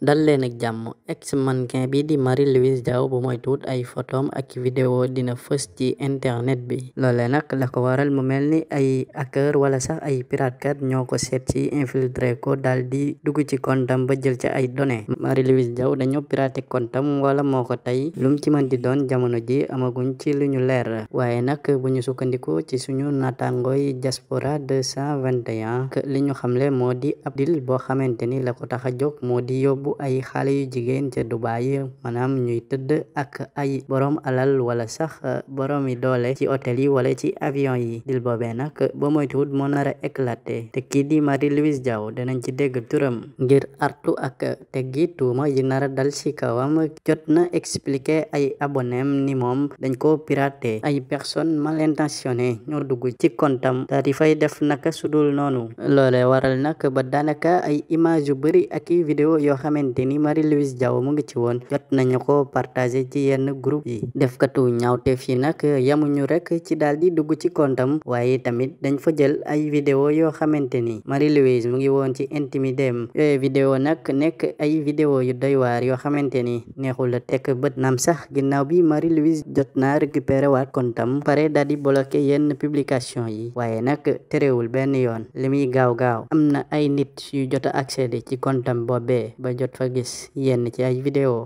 dal leen ak jàmm ex mannequin bii di mari louise Diaw bu moytuwut ay photom ak vidéo dina fës ci internet bi loolee nag la ko waral mu mel ni ay hacker wala sax ay pirate kat ñoo ko seet ci infiltré ko daal di dugg ci kontam ba jël ci ay données Marie-Louise Diaw dañoo piraté kontam wala moo ko tey lum ci man di doon jamono ji amaguñ ci lu ñu leer waaye nag bu ñu sukkandiku ci suñu naataangooy diaspora 221 li ñu xamle moo di Abdil boo xamante ni la ko tax a jóg moo di yóbbu bu ay xale yu jigéen ca Dubai maanaam ñuy tëdd ak ay borom alal wala sax euh, borom yi doole ci hôtel yi wala ci avion yi dil boobee nag ba moytuwut moo nar a te kii di Marie Louise Diaw danañ ci dégg turam ngir artu ak te giitu yi ji a dal ci kawam jot na expliquer ay abonem ni moom dañ ko piraté ay personnes mal intentionnées ñoo dugg ci kontam daal di fay def naka sudul noonu loole waral nag ba daanaka ay image bari ak i vidéo yoo xam xamante ni Marie Louise Diaw mu ci woon jot nañu ko partagé ci yenn groupe yi defkatu ñaawteef yi nag yamuñu rek ci daal di dugg ci kontam waaye tamit dañ fa jël ay vidéo yoo xamante ni Marie Louise mu ngi woon ci intimidem yooyu vidéo nag nekk ay vidéo yu doy waar yoo xamante ni neexul la tekk bët naam sax ginnaaw bi Marie Louise jot naa récupéré waat kontam pare daal di bloqué yenn publication yi waaye nag terewul benn yoon li muy gaaw am na ay nit jot a accédé ci kontam boobee ba jot jot fa gis yenn ci ay vidéo